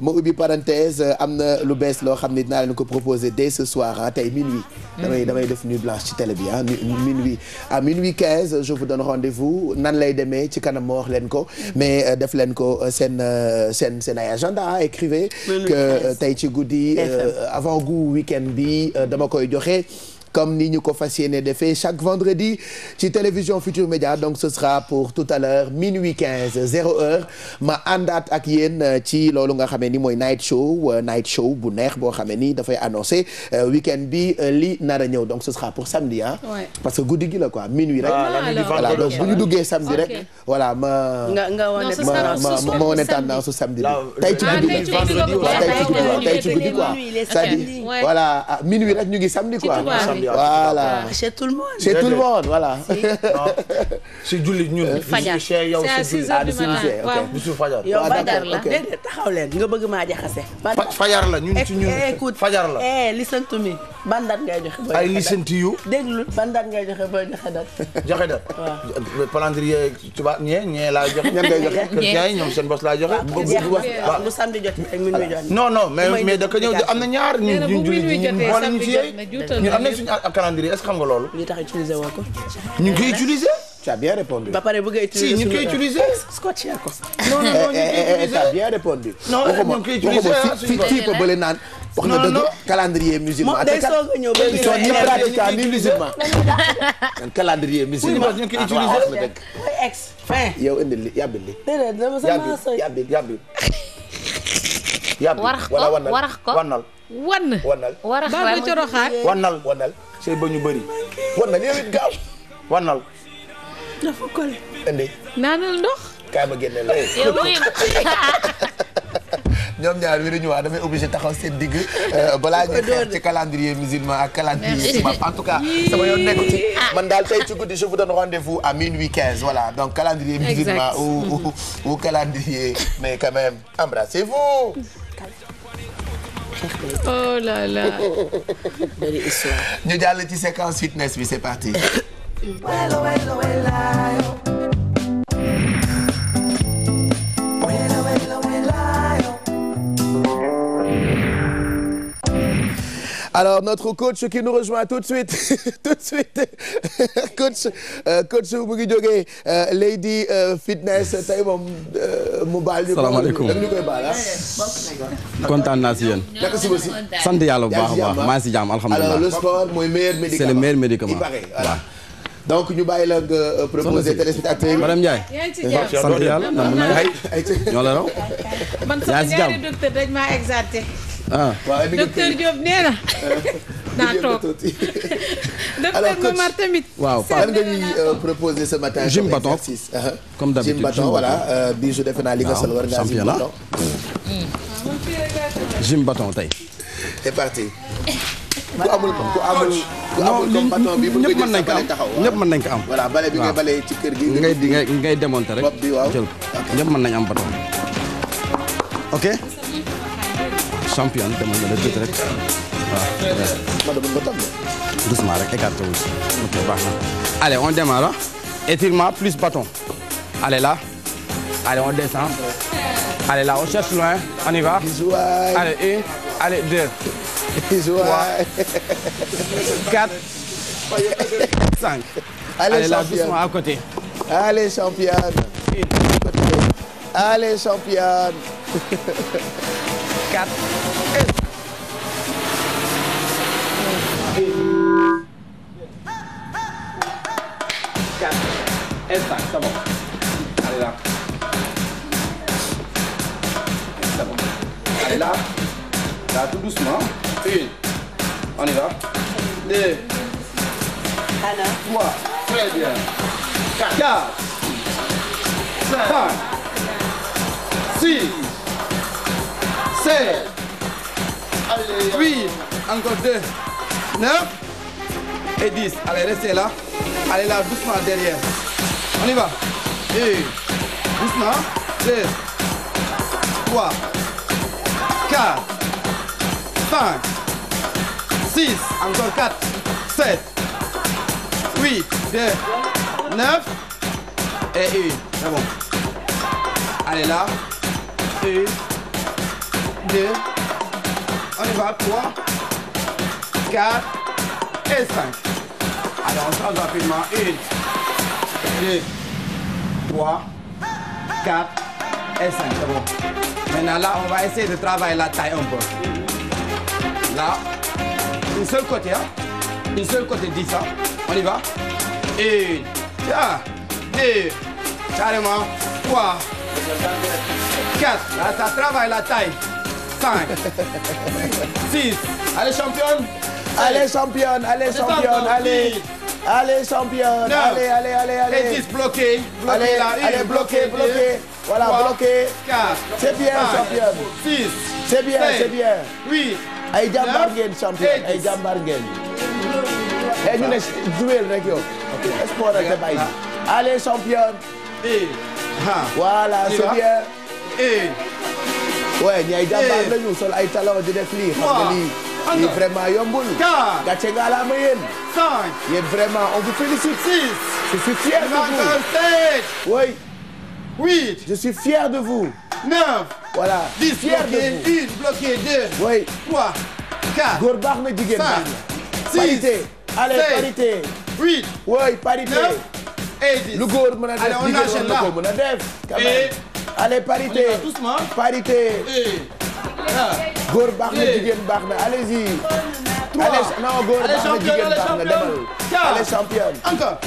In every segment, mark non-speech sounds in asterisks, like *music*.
ma ubbi parenthèse euh, am na lu bees loo xam ne dinaa leen ko proposer dès ce soir ah tey minuit. Mm. damay damay def nuit blanche ci télé bi ah minuit. à minuit 15 je vous donne rendez nan lay demee ci kanam ma wax leen ko mm. mais euh, def leen ko euh, seen seen seen ay agenda ah que tey ci guddi. avant goût week-end bi dama koy joxe. comme nii ñu ko fas yéene defee chaque vendredi ci télévision Futur Média donc ce sera pour tout à l'heure minuit 15 zéro heure ma àndaat ak yéen euh, ci loolu nga xamee ni mooy night show euh, night show bu neex boo xamee ni dafay annoncé euh, week bi li nar a ñëw donc ce sera pour samedi parce que guddi gi la quoi minuit rek. voilà ah, donc bu ñu duggee samedi rek. voilà ma nga nga wane tendance su samedi bi minuit rek ñu ngi samedi quoi. voilà ah, chez tout le monde. chez *laughs* si julli ñun. Euh, fajar c'est à 6 heures ah, waaw bisu fajar. yow ah, fajar la déedéet taxaw nga bëgg maa jaxase. fajar la ñun ci ñun eh, eh, fajar la. eh listen to ban date ngay joxe. booy joxe date I listen to you. déglu joxe booy joxe date. ñee ñee laa joxe. ñan ngay joxe chrétien yi ñoom seen bos laa joxe. bu samedi jotee ak minuit jotee. non non mais mais da ko am na ñaar ñu ñu jullit ñu boole ñu est ce que xam loolu. ñu tax utiliser ko. ñu ngi koy ba pare bëgg a utiliser si ñu koy utiliser. scotché ko. non non non ñu koy eh, eh, eh, utiliser. tu as bien fii ko bële naan. wax na dëgg calendrier musulman. moom day soog a ñëw ba ñu soog ni pratiquant ni musulman. *laughs* calendrier musulman ñu ngi koy utiliser ah, wax na dëgg. ex fin. yow indi li yàbbi li. déedéet dama sama sooy yàbbi yàbbi yàbbi. warax ko warax ko wannal wann. wannal warax ba mu coroxaat. wannal wannal. sëy ba ñu bëri. wannal yow it gaaw. wannal. dafa kole. indi. naanal ndox. kaay ma génne la. yow *laughs* ñoom ñaar wi ñu waa damay obligé taxaw seen digg euh, balaa ñuy en tout cas sama yoon nekku ci ah. man daal tey ci guddi je vous donne vous à minuit 15 voilà donc calendrier musulman ou ou calendrier mais quand même embrassez-vous oh là ci séquence fitness bi parti Alors, notre coach qui nous rejoint tout de suite, *laughs* tout de suite, *laughs* coach euh, coach mu ngi jógee Lady euh, Fitness tey moom euh, mu baal ñu. salaamaaleykum da nga ñu koy baal ah. kontaan naa si yéen. naka suba si. sant yàlla bu baax a baax ah. maa ngi si jàmm alhamdulilah. alors le sport mooy meilleur médicament c'est le meilleur médicament voilà. donc ñu bàyyi la nga proposer téléspectateurs yi. madame Ndiaye. sant yàlla na mën na ay. ñoo la raw. yaa si jàmm man sama ñaari docteur dañ maa exalté. ah waaw docteur Diop nee na. *laughs* naa toog *laughs* docteur Momar tamit. waaw Pape lan nga ñuy euh, proposer ce matin. Uh-huh. comme d'habitude gym bâton voilà euh, bisu defe naa li nga sol war ngaa gym bâton. Mm. gym bâton tey. c'est parti. *laughs* ku amul a amul ku amul comme bâton bi mën nañ ko am ñëpp mën nañ ko am. voilà bale bi ngay ci kër gi. ngay ngay ngay démonter rek. bopp bi ñëpp mën nañ am bâton. champion demal na la tuuti rek waaw. ma demoon plus bâton. allez là allez on descend. allez là on cherche loin on y va. une allez deux. quatre cinq. allez, allez là doucement à côté. championne. une. championne. 4. Quatre. L5, c'est bon. Allez là. C'est bon. Allez là. Là, tout doucement. Une. On y va. Deux. Trois. Très bien. Quatre. Cinq. Six. 7, 8, encore 2, 9 et 10. Allez, restez là. Allez là, doucement derrière. On y va. 1, doucement. 2, 3, 4, 5, 6, encore 4, 7, 8, 2, 9 et 1. C'est bon. Allez là. 1. 2, on y va, 3, 4 et 5. Alors on change rapidement, 1, 2, 3, 4 et 5, c'est bon. Maintenant là, on va essayer de travailler la taille un peu. Là, une seule côté, hein? une seule côté 10, hein? on y va. travaille la taille. 5, 6. Allez, championne. Allez, championne. Allez, championne. Allez. Allez, championne. Allez, Voilà, 3, C'est bien, championne. C'est bien, c'est bien. 8. ay jàmbaar championne ay jàmbaar ngeen. et ñu ne ah. duel rek yow. ok sport rek dafay ah. championne. Ah. voilà c'est bien. waaye ñay jàmbaar lañu sol ay talon di def lii xam nga lii lii vraiment yombul gàcce nga la ma yéen yéen vraiment on oh, vous félicite je suis fier de vous oui oui je suis fier de vous neuf voilà dix fier de vous une bloquée deux oui trois quatre góor baax na jigéen baax na parité allez parité huit oui parité neuf et dix lu góor mën a def jigéen mën na ko mën a def allez parité parité. Eh. góor baax na eh. jigéen baax na allez-y. trois non góor baax na jigéen baax na demal. allez championne encore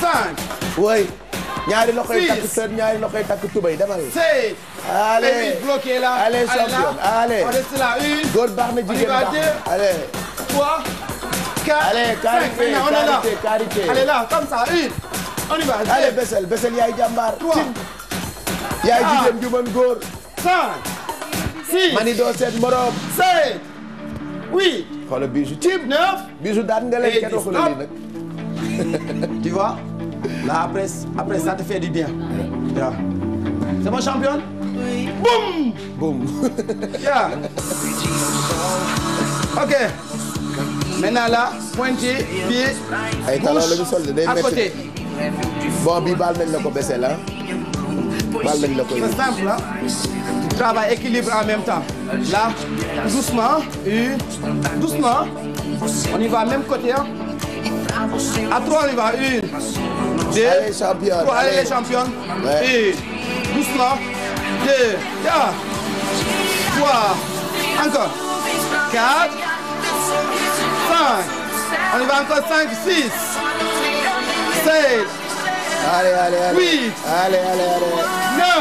cinq. oui ñaari loxo yi takk sën ñaari loxo yi takk tubay demal. sept. allez bloqué là allez championne allez. on reste là une. góor baax na jigéen baax na allez. trois. quatre allez carité carité carité. allez là comme ça une. on y va. allez Bessel Bessel yaay jàmbaar. trois. yaay jigéen ju mën góor. cinq six mani doo seet morom. sept huit. xoolal bisu cib. neuf bisu daan nga leen kenn waxu la lii nag. *laughs* tu vois là après après ça te bien. waaw c'est mon champion. oui boum. boum. *laughs* ok. maintenant là pointé pied. ay talon la ñu soldé day métti. bon bii baal nañ la ko bese la. bal lañ la koy c'est en même temps là doucement et doucement on y va même côté à trois on y va une deux allez une doucement deux quatre cinq on y va encore cinq six sept allez allez huit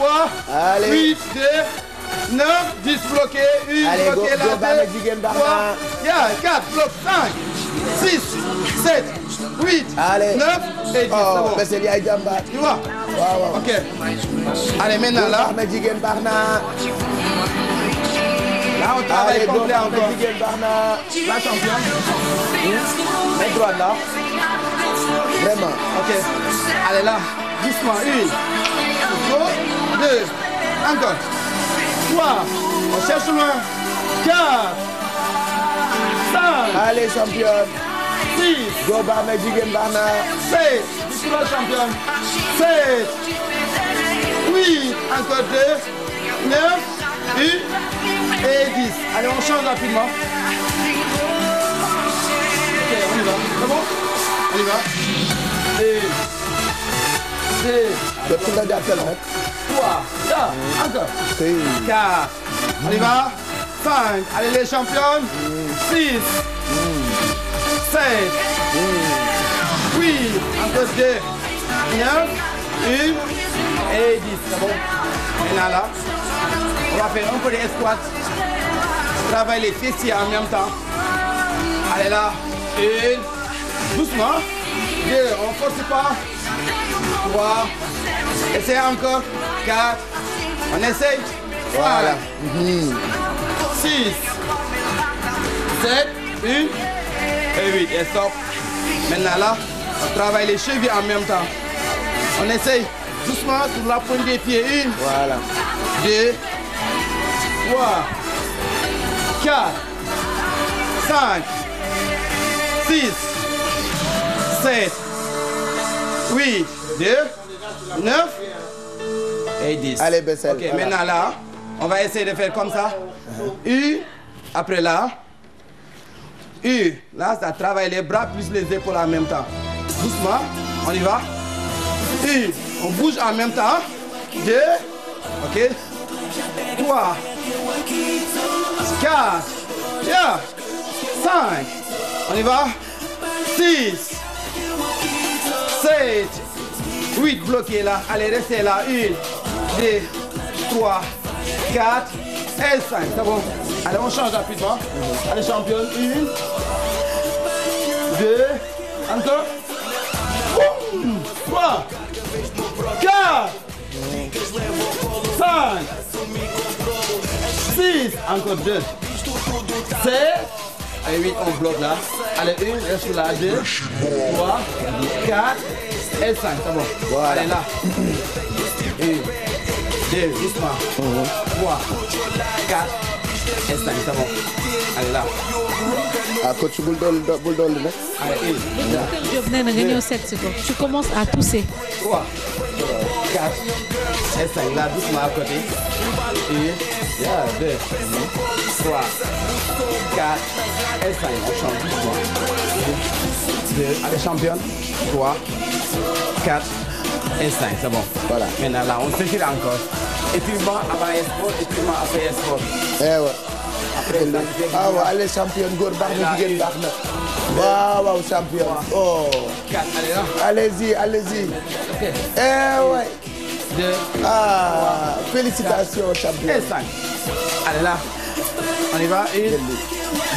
3 8 2 9 10 bloqué 1 bloqué la 2 3 4 bloqué 5 6 7 8 Allez. 9 et 10 oh, c'est bon. yaay jàmbaar tu vois waaw waaw ok allez maintenant là góor baax na jigéen baax na Là, on travaille complet encore. La championne. Mmh. Mets droite là. Vraiment. Ok. Allez là. Doucement. Une. Go. deux, encore. Trois, on cherche loin. Quatre, cinq. Allez, championne. Six. Go baax na jigéen baax na. Sept. Bismillah, championne. Sept. Huit, encore deux. Neuf, une et dix. Allez, on change rapidement. Ok, on y va. C'est bon? On y va. Et... C'est... 3, 4, encore. 4. On y va. 5. Allez les championnes. Encore 2. 9. 1. Et 10. C'est bon. Et là, On va faire de squats. Travaille les en même temps. Allez là. Une. Deux. On force pas. Trois. encore. 4. On essaye. Voilà. 6. 7. 1. Et 8. Et stop. Maintenant là, on travaille les chevilles en même temps. On essaye doucement sur la pointe des pieds. 1. Voilà. 2. 3. 4. 5. 6. 7. et 10. Allez, Bessel. Ok, voilà. maintenant là, on va essayer de faire comme ça. U, après là. U, là, ça travaille les bras plus les épaules en même temps. Doucement, on y bouge en même Deux, ok. Trois, quatre, Six, sept, huit, bloqué là. Allez, restez là. Une. 2, 3, 4 et 5. C'est bon Allez, on change rapidement. Allez, championne. 1, 2, encore. 3, 4, 5, 6, encore 2, 7, Allez, 8, on bloque là. Allez, 1, reste là, 2, 3, 4 et 5. C'est bon. Voilà. Allez, là. 1, deux, doucement. Trois, quatre, instant bi sama. allez là. ah coach bul na nga ñëw seet si tu commences à tousser. trois, quatre, instant bi là côté. une, yeah, deux, trois, quatre, instant bi on championne. instant c'est bon. voilà maintenant là on se tire encore. étirement avant sport étirement après sport. ewa. après nag waaw waaw allez champion góor baax na jigéen baax na. waaw waaw champion. oh. allez-y allez-y. ok ewa. Eh, deux ah félicitations champion. instant allez là on y va une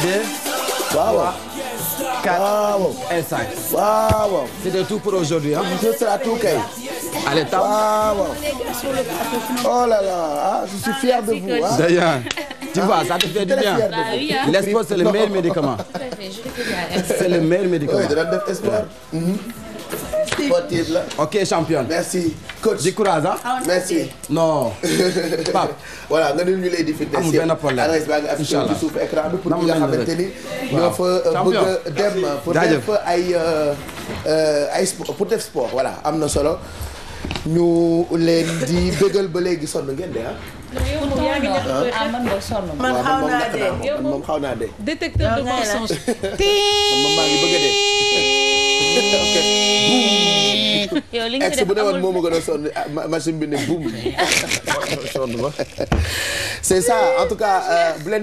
deux. waaw. quatre waaw. instant. waaw. c'est de tout pour aujourd'hui hein. ce sera tout kay. à l'état. waaw waaw. oh là là ah je suis fier de vous ah. d'ailleurs tu vois ça te fait du bien. l'espoir c'est le meilleur médicament. c'est le meilleur médicament. dana def espoir. Mhm. sportive la. ok championne. merci coach du courage ah. merci. non *laughs* Pape. voilà nga nuyu ñu lay di. amul benn problème incha allah suuf écran bi pour ñi nga xamante ni. ñoo fa euh, bëgg a dem. Euh, pour def euh, ay ay sport pour def sport voilà am na solo. ñu leen di bégal ba léegi sonn ngeen de ah. man xaw naa dee man moom xaw naa dee. détecteur de mensonge. moom maa ngi bëgg a dee. yow li nga def bu ne woon moo ma gën a sonn ah, machine bi ne boum. sonn ba. c'est ça en tout cas euh, bu leen